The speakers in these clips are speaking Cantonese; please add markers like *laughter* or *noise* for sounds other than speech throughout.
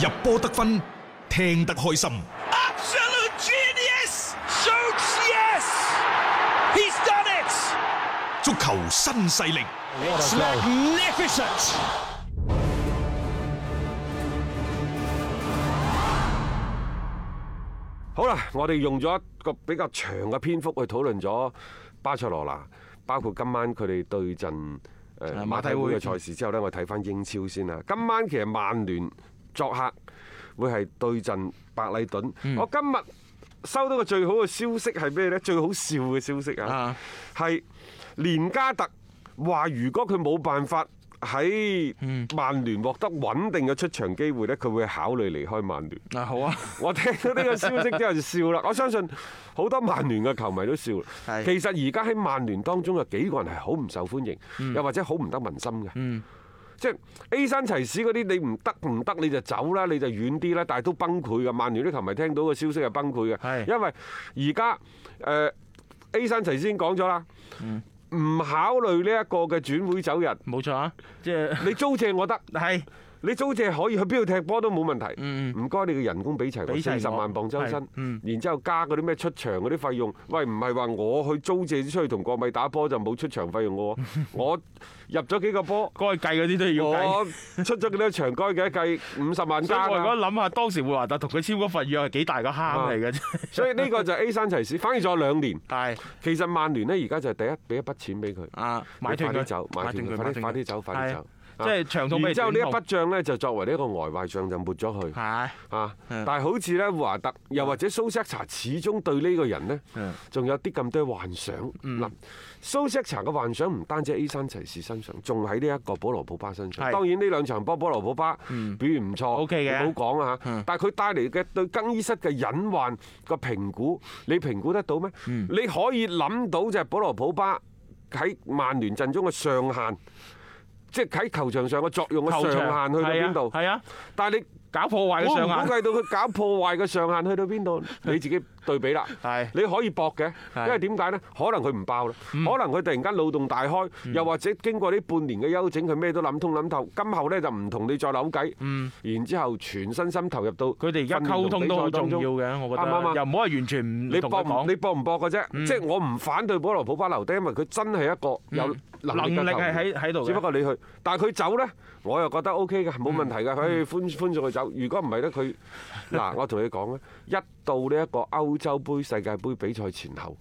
入波得分，聽得開心。Absolute genius, yes, he's done it. 足球新勢力，好啦，我哋用咗一個比較長嘅篇幅去討論咗巴塞羅那，包括今晚佢哋對陣誒馬體會嘅賽事之後呢，我睇翻英超先啦。今晚其實曼聯，作客會係對陣白利頓。我今日收到個最好嘅消息係咩呢？最好笑嘅消息啊，係連加特話：如果佢冇辦法喺曼聯獲得穩定嘅出場機會呢，佢會考慮離開曼聯。啊好啊！我聽到呢個消息之後就笑啦。我相信好多曼聯嘅球迷都笑。是 其實而家喺曼聯當中有幾個人係好唔受歡迎，嗯、又或者好唔得民心嘅。嗯即係 A 山齊士嗰啲，你唔得唔得，你就走啦，你就遠啲啦，但係都崩潰嘅。曼聯都琴日聽到個消息係崩潰嘅，係是因為而家誒 A 山齊士先講咗啦，唔、嗯、考慮呢一個嘅轉會走人，冇錯啊，即係你租借我得係。 *laughs* 你租借可以去邊度踢波都冇問題，唔該你嘅人工俾齊佢四十萬磅周薪，然之後加嗰啲咩出場嗰啲費用。喂，唔係話我去租借先出去同國米打波就冇出場費用嘅喎，我入咗幾個波該計嗰啲都要計。我出咗幾多場該幾多計五十萬加。咁我而家諗下當時胡華德同佢簽嗰份約係幾大個蝦嚟嘅啫。所以呢個就 A 山齊士，反而咗兩年。但係，其實曼聯呢而家就第一俾一筆錢俾佢，買斷佢走，買斷佢快啲走，快啲走。即係之後呢一筆帳咧，就作為呢一個呆壞帳就抹咗去。啊！但係好似咧，華特又或者蘇斯茶始終對呢個人呢，仲有啲咁多幻想。嗱，蘇斯茶嘅幻想唔單止喺 A 三齊士身上，仲喺呢一個保羅普巴身上。當然呢兩場波，保羅普巴表現唔錯，好講啊。但係佢帶嚟嘅對更衣室嘅隱患個評估，你評估得到咩？你可以諗到就係保羅普巴喺曼聯陣中嘅上限。即係喺球場上嘅作用嘅場上限去到邊度？係啊的，但係你搞破壞嘅上限，我唔估計到佢搞破壞嘅上限去到邊度。 *laughs* 你自己。對比啦，係你可以搏嘅，因為點解咧？可能佢唔爆啦，可能佢突然間腦洞大開，又或者經過呢半年嘅休整，佢咩都諗通諗透，今後咧就唔同你再扭計。嗯，然之後全身心投入到佢哋而家溝通都好重要嘅，我覺得又唔好係完全唔你搏，你搏唔搏嘅啫？即係我唔反對保羅普巴留低，因為佢真係一個有能力係喺喺度。只不過你去，但係佢走咧，我又覺得 O K 嘅，冇問題嘅，可以寬寬恕佢走。如果唔係咧，佢嗱，我同你講咧，一到呢一個歐歐洲盃、世界盃比賽前後，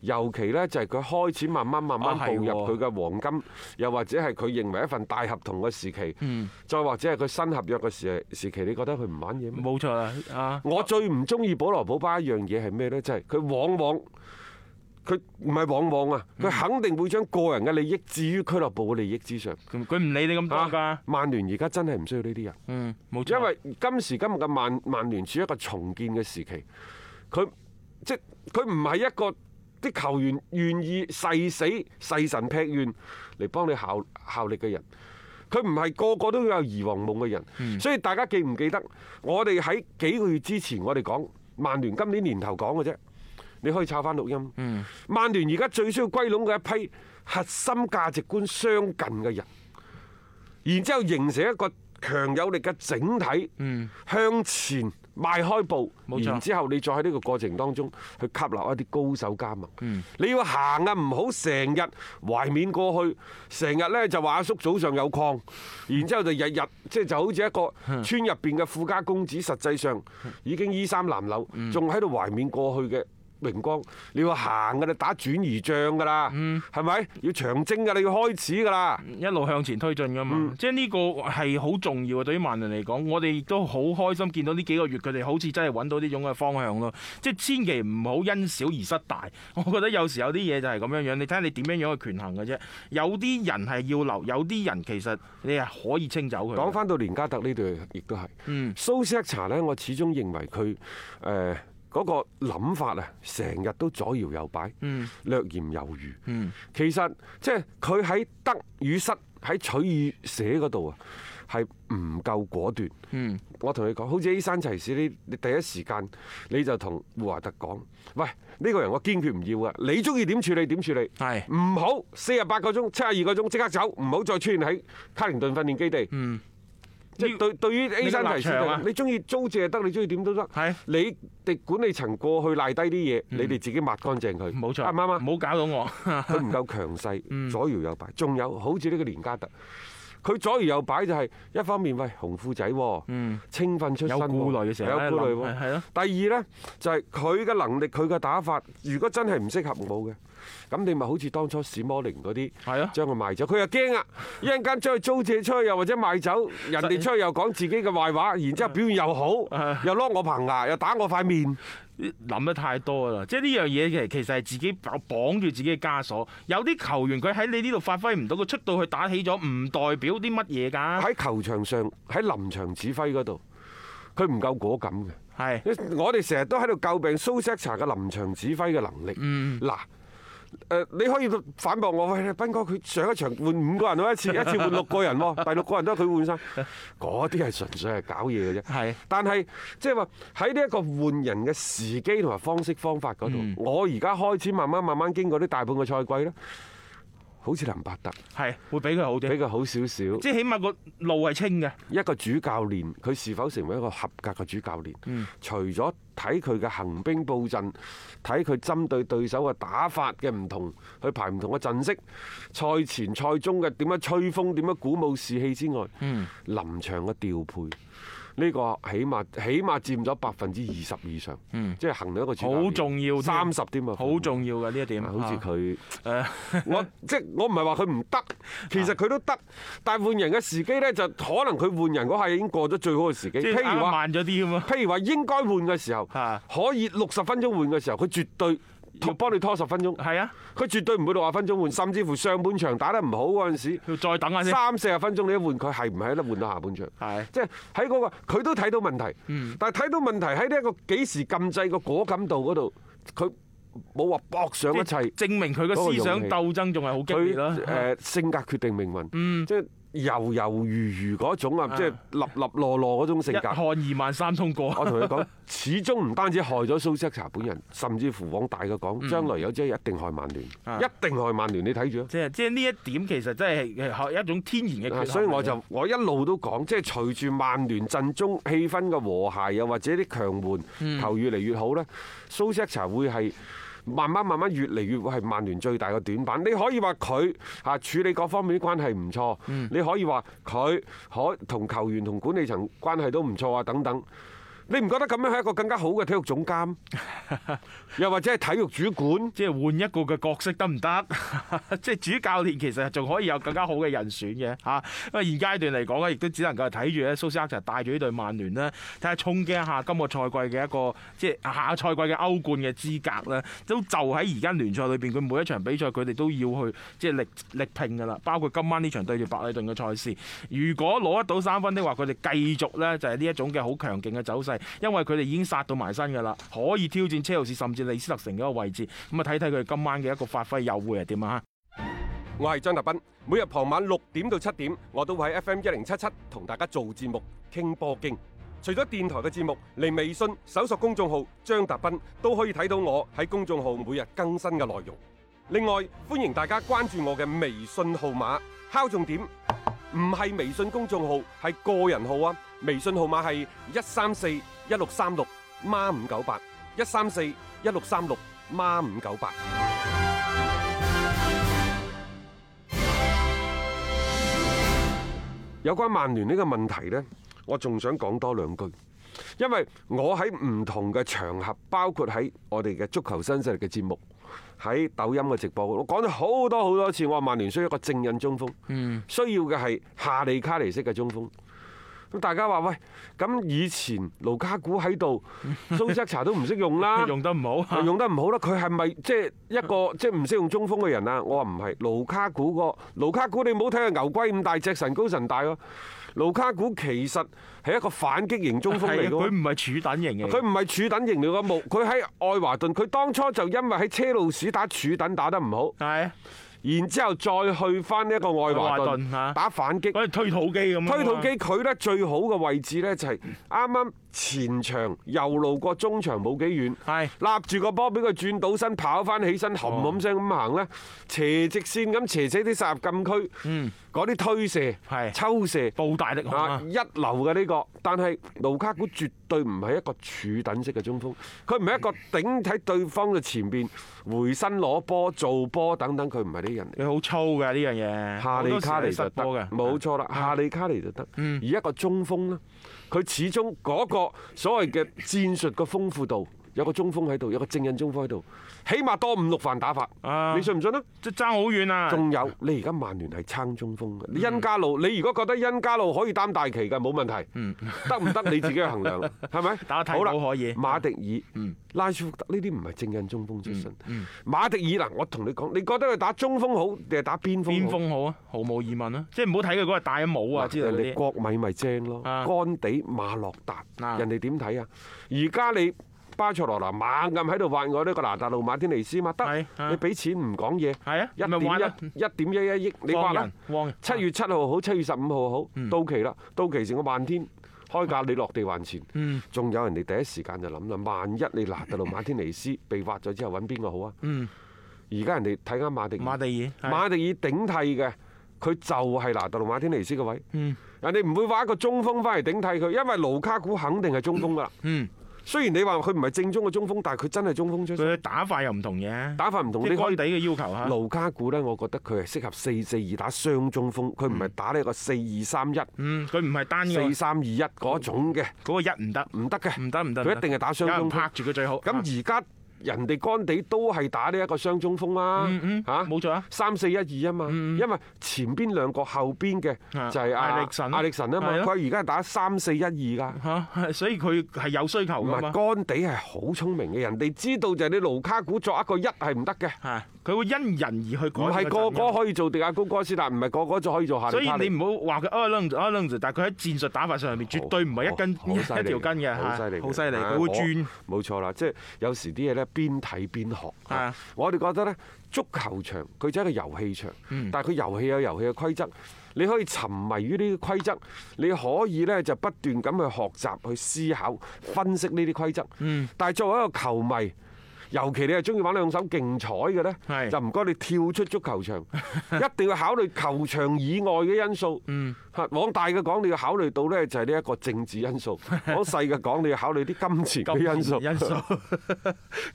尤其呢，就係佢開始慢慢、慢慢步入佢嘅黃金，啊、又或者係佢認為一份大合同嘅時期，嗯、再或者係佢新合約嘅時期。時期你覺得佢唔玩嘢咩？冇錯啦，啊！我最唔中意保羅·普巴一樣嘢係咩呢？就係、是、佢往往佢唔係往往啊，佢、嗯、肯定會將個人嘅利益置於俱樂部嘅利益之上。佢唔理你咁多。曼聯而家真係唔需要呢啲人，嗯，因為今時今日嘅曼曼聯處一個重建嘅時期。佢即佢唔係一個啲球員願意誓死誓神劈願嚟幫你效效力嘅人，佢唔係個個都有兒皇夢嘅人，嗯、所以大家記唔記得我哋喺幾個月之前我哋講曼聯今年年頭講嘅啫，你可以抄翻錄音。嗯、曼聯而家最需要歸攏嘅一批核心價值觀相近嘅人，然之後形成一個強有力嘅整體、嗯、向前。賣開步，冇錯，然之後你再喺呢個過程當中去吸納一啲高手加盟。嗯、你要行啊，唔好成日懷緬過去，成日呢就話阿叔早上有礦，然之後就日日即係就好似一個村入邊嘅富家公子，實際上已經衣衫襤褸，仲喺度懷緬過去嘅。嗯嗯明光，你要行嘅啦，你打轉移仗嘅啦，係咪、嗯？要長征嘅，你要開始嘅啦，一路向前推進嘅嘛。嗯、即係呢個係好重要嘅，對於曼聯嚟講，我哋亦都好開心見到呢幾個月佢哋好似真係揾到呢種嘅方向咯。即係千祈唔好因小而失大。我覺得有時有啲嘢就係咁樣樣，你睇下你點樣樣去權衡嘅啫。有啲人係要留，有啲人其實你係可以清走佢。講翻到連加特呢度，亦都係。嗯，蘇塞查咧，我始終認為佢誒。呃嗰個諗法啊，成日都左搖右擺，嗯、略嫌猶豫。嗯、其實即係佢喺得與失喺取與捨嗰度啊，係唔夠果斷。嗯、我同你講，好似依山齊士，你你第一時間你就同活華特講，喂，呢、呢個人我堅決唔要啊！你中意點處理點處理？係唔好四十八個鐘、七十二個鐘即刻走，唔好再出現喺卡靈頓訓練基地。嗯即係對對於 A 三題，你中意租借得，你中意點都得。係你哋管理層過去賴低啲嘢，你哋自己抹乾淨佢。冇錯，啊媽媽，唔好搞到我。佢唔夠強勢，左搖右擺。仲有好似呢個連家特，佢左搖右擺就係一方面喂紅褲仔，嗯，青訓出身，有顧慮嘅時候，有顧慮。係咯。第二咧就係佢嘅能力，佢嘅打法，如果真係唔適合冇嘅。咁你咪好似當初史摩靈嗰啲，係啊，將佢賣走，佢又驚啊！一陣間將佢租借出去，又或者賣走人哋出去，又講自己嘅壞話，然之後表現又好，又擼我棚牙，又打我塊面，諗得太多啦！即係呢樣嘢，其其實係自己綁綁住自己嘅枷鎖。有啲球員佢喺你呢度發揮唔到，佢出到去打起咗，唔代表啲乜嘢㗎。喺球場上，喺臨場指揮嗰度，佢唔夠果敢嘅。係是，我哋成日都喺度詬病蘇塞茶嘅臨場指揮嘅能力。嗱、嗯。誒，你可以反駁我喂，斌哥，佢上一場換五個人咯，一次一次換六個人，第六個人都係佢換曬，嗰啲係純粹係搞嘢嘅啫。係是的，但係即係話喺呢一個換人嘅時機同埋方式方法嗰度，我而家開始慢慢慢慢經過啲大半個賽季啦。好似林伯特，係會比佢好啲，比佢好少少。即係起碼個路係清嘅。一個主教練，佢是否成為一個合格嘅主教練？嗯，除咗睇佢嘅行兵布陣，睇佢針對對手嘅打法嘅唔同，去排唔同嘅陣式。賽前、賽中嘅點樣吹風，點樣鼓舞士氣之外，嗯，臨場嘅調配。呢個起碼起碼佔咗百分之二十以上，嗯、即係衡量一個好重要，三十添嘛，好重要嘅呢一點。好似佢，誒、啊，我即係我唔係話佢唔得，其實佢都得，啊、但換人嘅時機咧就可能佢換人嗰下已經過咗最好嘅時機。即係慢咗啲咁嘛。譬如話應該換嘅時候，可以六十分鐘換嘅時候，佢絕對。要幫你拖十分鐘，係啊的，佢絕對唔會六十分鐘換，甚至乎上半場打得唔好嗰陣時，要再等下先，三四十分鐘你一換，佢係唔係喺度換到下半場？係是的、那個，即係喺嗰個佢都睇到問題，但係睇到問題喺呢一個幾時禁制個果敢度嗰度，佢冇話搏上一切，證明佢個思想鬥爭仲係好激烈啦。誒，性格決定命運，即係的。就是猶猶豫豫嗰種啊，的即係立立落落嗰種性格。看二萬三通過我。我同你講，始終唔單止害咗蘇斯茶本人，甚至乎往大嘅講，將來有朝一定害曼聯，的一定害曼聯。你睇住啊！即係即係呢一點其實真係係一種天然嘅。啊，所以我就我一路都講，即係隨住曼聯陣中氣氛嘅和諧，又或者啲強援球越嚟越好咧，蘇斯茶會係。慢慢慢慢越嚟越係曼聯最大嘅短板。你可以話佢啊處理各方面啲關係唔錯，你可以話佢可同球員同管理層關係都唔錯啊等等。你唔覺得咁樣係一個更加好嘅體育總監，又或者係體育主管， *laughs* 即係換一個嘅角色得唔得？ *laughs* 即係主教練其實仲可以有更加好嘅人選嘅吓，因為現階段嚟講咧，亦都只能夠睇住咧蘇斯克查帶住呢隊曼聯咧，睇下衝擊一下今個賽季嘅一個即係下賽季嘅歐冠嘅資格咧，都就喺而家聯賽裏邊，佢每一場比賽佢哋都要去即係力力拼噶啦。包括今晚呢場對住白里頓嘅賽事，如果攞得到三分的話佢哋繼續咧就係呢一種嘅好強勁嘅走勢。因為佢哋已經殺到埋身噶啦，可以挑戰車路士甚至李斯特城嗰個位置，咁啊睇睇佢哋今晚嘅一個發揮又會係點啊！我係張達斌，每日傍晚六點到七點，我都會喺 FM 一零七七同大家做節目傾波經。除咗電台嘅節目，嚟微信搜索公眾號張達斌都可以睇到我喺公眾號每日更新嘅內容。另外，歡迎大家關注我嘅微信號碼，敲重點，唔係微信公眾號，係個人號啊！微信號碼係一三四一六三六孖五九八一三四一六三六孖五九八。有關曼聯呢個問題呢，我仲想講多兩句，因為我喺唔同嘅場合，包括喺我哋嘅足球新勢力嘅節目，喺抖音嘅直播，我講咗好多好多次，我話曼聯需要一個正印中鋒，需要嘅係夏利卡尼式嘅中鋒。咁大家話，喂，咁以前盧卡古喺度，蘇斯查都唔識用啦， *laughs* 用得唔好，用得唔好啦。佢係咪即係一個即係唔識用中鋒嘅人啊？我話唔係，盧卡古個盧卡古你冇睇下牛龜咁大隻，神高神大喎。盧卡古其實係一個反擊型中鋒嚟嘅，佢唔係柱等型嘅，佢唔係柱等型嚟嘅冇，佢喺愛華頓，佢當初就因為喺車路士打柱等打得唔好。係。然之後再去翻呢一個愛華頓打反擊，好似推土機咁。推土機佢咧最好嘅位置咧就係啱啱。前場又路過中場冇幾遠，立住是的 個波俾佢轉到身跑翻起身，冚冚聲咁行咧，斜直線咁斜斜啲殺入禁區。嗯，嗰啲推射、抽射、爆大力、啊、一流嘅呢個。但係盧卡古絕對唔係一個柱等式嘅中鋒，佢唔係一個頂喺對方嘅前邊回身攞波、做波等等，佢唔係呢啲人。你好粗㗎呢樣嘢。夏利卡尼實波嘅，冇錯啦，夏利卡尼就得。嗯、而一個中鋒呢。嗯嗯。佢始終嗰個所謂嘅戰術嘅豐富度。有個中鋒喺度，有個正印中鋒喺度，起碼多五六犯打法。你信唔信啊？即爭好遠啊！仲有你而家曼聯係撐中鋒，你恩加路，你如果覺得恩加路可以擔大旗㗎，冇問題。得唔得你自己去衡量，係咪？打啦，好可以。馬迪爾、拉舒福特呢啲唔係正印中鋒出身。馬迪爾嗱，我同你講，你覺得佢打中鋒好定係打邊鋒好啊？毫無疑問啊！即唔好睇佢嗰個大帽啊之類，你人國米咪正咯，乾地馬洛達人哋點睇啊？而家你。巴塞羅那猛咁喺度挖我呢個拿達路馬天尼斯嘛，得，你俾錢唔講嘢，係啊，一點一一點一一億，你話啦，七月七號好，七月十五號好，到期啦，到期時我萬天開價你落地還錢。仲有人哋第一時間就諗啦，萬一你拿達路馬天尼斯被挖咗之後，搵邊個好啊？而家人哋睇緊馬迪馬迪爾馬迪爾頂替嘅，佢就係拿達路馬天尼斯嘅位。人哋唔會話一個中鋒翻嚟頂替佢，因為盧卡古肯定係中鋒㗎啦。嗯。雖然你話佢唔係正宗嘅中鋒，但係佢真係中鋒出身。佢打法又唔同嘅，打法唔同啲腳底嘅要求嚇。盧卡古咧，我覺得佢係適合四四二打雙中鋒，佢唔係打呢個四二三一。嗯，佢唔係單四三二一嗰種嘅。嗰個一唔得，唔得嘅。唔得唔得，佢一定係打雙中。拍住佢最好。咁而家。人哋乾地都係打呢一個雙中鋒啦、嗯，嚇、嗯、冇錯啊，三四一二啊嘛，嗯、因為前邊兩個後邊嘅就係艾力神，艾力神啊嘛，佢而家係打三四一二噶，嚇，所以佢係有需求噶嘛。乾地係好聰明嘅，人哋知道就係你盧卡古作一個一係唔得嘅。佢會因人而去改，唔係個個可以做迪亞高哥斯但唔係個個就可以做下流。所以你唔好話佢啊撚啊撚，但係佢喺戰術打法上面絕對唔係一根一條筋嘅，好犀利，好犀利，佢對會轉。冇錯啦，即係有時啲嘢咧，邊睇邊學。是的 我哋覺得咧，足球場佢就係一個遊戲場，但係佢遊戲有遊戲嘅規則，你可以沉迷於呢啲規則，你可以咧就不斷咁去學習、去思考、分析呢啲規則。但係作為一個球迷。尤其你係中意玩兩手競彩嘅咧，就唔該你跳出足球場，一定要考慮球場以外嘅因素。嗯，嚇往大嘅講，你要考慮到咧就係呢一個政治因素；往細嘅講，你要考慮啲金錢嘅因素。因素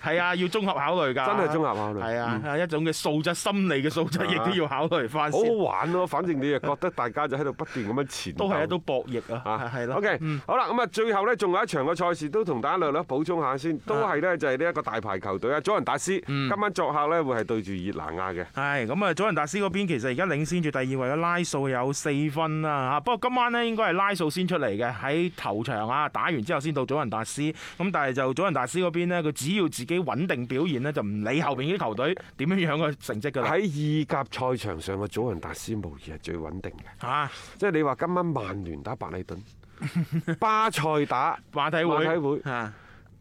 係啊，要綜合考慮㗎。真係綜合考慮。係啊，係一種嘅素質、心理嘅素質，亦都要考慮翻。好玩咯，反正你又覺得大家就喺度不斷咁樣纏。都係一啲博弈啊！啊，係咯。OK，好啦，咁啊，最後咧仲有一場嘅賽事都同大家略略補充下先，都係咧就係呢一個大排球，球隊啊，祖雲達斯今晚作客呢，會係對住熱拿亞嘅。係咁啊，祖雲達斯嗰邊其實而家領先住第二位嘅拉數有四分啦。吓，不過今晚呢，應該係拉數先出嚟嘅，喺頭場啊打完之後先到祖雲達斯。咁但係就祖雲達斯嗰邊呢，佢只要自己穩定表現呢，就唔理後邊啲球隊點樣樣嘅成績噶啦。喺意甲賽場上，個祖雲達斯無疑係最穩定嘅。吓，即係你話今晚曼聯打白里頓，巴塞打馬體會。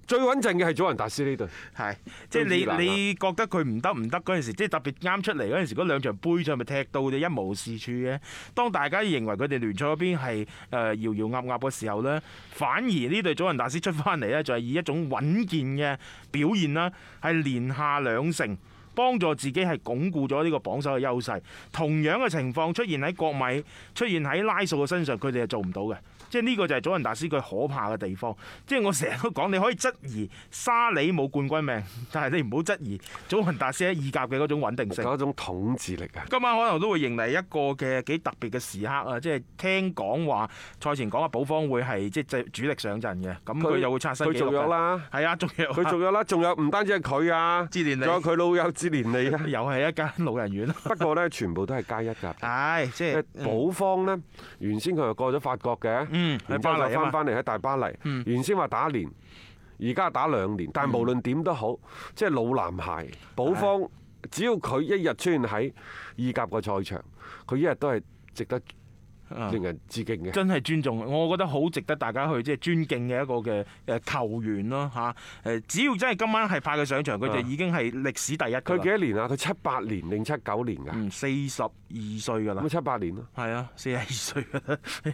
最穩陣嘅係祖雲達斯呢隊，係即係你你覺得佢唔得唔得嗰陣時，即係特別啱出嚟嗰陣時，嗰兩場杯賽咪踢到你一無是處嘅。當大家認為佢哋聯賽嗰邊係誒搖搖鴨鴨嘅時候呢，反而呢隊祖雲達斯出翻嚟呢，就係以一種穩健嘅表現啦，係連下兩成，幫助自己係鞏固咗呢個榜首嘅優勢。同樣嘅情況出現喺國米，出現喺拉素嘅身上，佢哋係做唔到嘅。即係呢個就係祖雲達斯佢可怕嘅地方。即係我成日都講，你可以質疑沙里冇冠軍命，但係你唔好質疑祖雲達斯喺意甲嘅嗰種穩定性，嗰種統治力啊！今晚可能都會迎嚟一個嘅幾特別嘅時刻啊！即係聽講話賽前講話保方會係即係主力上陣嘅，咁佢又會刷新佢做咗啦，係啊，佢做咗啦，仲有唔單止係佢啊，智聯，仲有佢老友智聯你，連又係一間老人院。 *laughs* 不過咧，全部都係加一㗎，係即係保方咧，原先佢又過咗法國嘅。嗯，喺巴黎翻翻嚟喺大巴黎，原先話打一年，而家打兩年，但係無論點都好，即係老男孩布馮，是的 只要佢一日出現喺意甲嘅賽場，佢一日都係值得，令人致敬嘅，真係尊重。我覺得好值得大家去即係尊敬嘅一個嘅誒球員咯嚇。誒，只要真係今晚係派佢上場，佢就已經係歷史第一。佢幾多年啊？佢七八年定七九年㗎？四十二歲㗎啦。咁七八年咯。係啊，四十二歲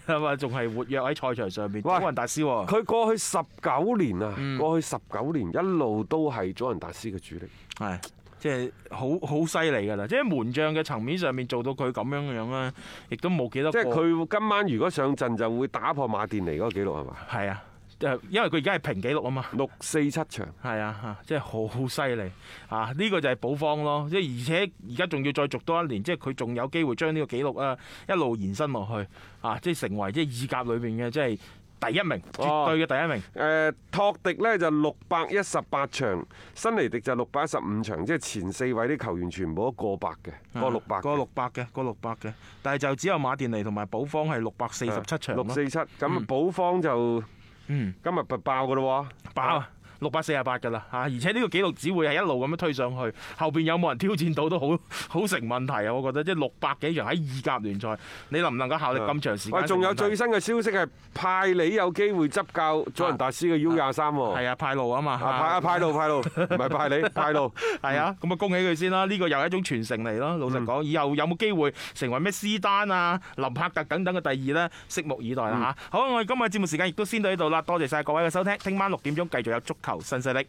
㗎啦，啊仲係活躍喺賽場上面。祖雲達斯喎，佢過去十九年啊，嗯、過去十九年一路都係祖雲達斯嘅主力。係。即係好好犀利㗎啦！即係門將嘅層面上面做到佢咁樣樣啦，亦都冇幾多。即係佢今晚如果上陣，就會打破馬甸尼嗰個記錄係嘛？係啊，就因為佢而家係平記錄啊嘛。六四七場係啊嚇，即係好犀利嚇。呢、啊呢個就係補方咯，即係而且而家仲要再續多一年，即係佢仲有機會將呢個記錄啊一路延伸落去啊，即係成為即係意甲裏邊嘅即係。第一名，絕對嘅第一名。誒、哦，托迪呢就六百一十八場，新尼迪就六百一十五場，即係前四位啲球員全部都過百嘅，過六百，過六百嘅，過六百嘅。但係就只有馬甸尼同埋保方係六百四十七場。六四七，咁保方就今，今日咪爆㗎咯喎，爆！六百四十八噶啦，嚇！而且呢個紀錄只會係一路咁樣推上去，後邊有冇人挑戰到都好好成問題啊！我覺得即係六百幾場喺二甲聯賽，你能唔能夠效力咁長時間？喂，仲有最新嘅消息係派你有機會執教祖雲達斯嘅 U 廿三喎。係啊，派路啊嘛，派啊派路派路，唔係派你派路。係啊，咁啊恭喜佢先啦！呢個又係一種傳承嚟咯。老實講，以後有冇機會成為咩斯丹啊、林柏特等等嘅第二咧？拭目以待啦嚇！好，我哋今日節目時間亦都先到呢度啦，多謝曬各位嘅收聽。聽晚六點鐘繼續有足球。新勢力。